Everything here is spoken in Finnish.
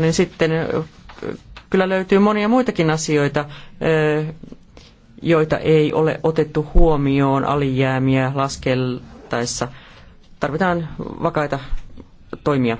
niin sitten kyllä löytyy monia muitakin asioita, joita ei ole otettu huomioon alijäämiä laskeltaessa. Tarvitaan vakaita toimia.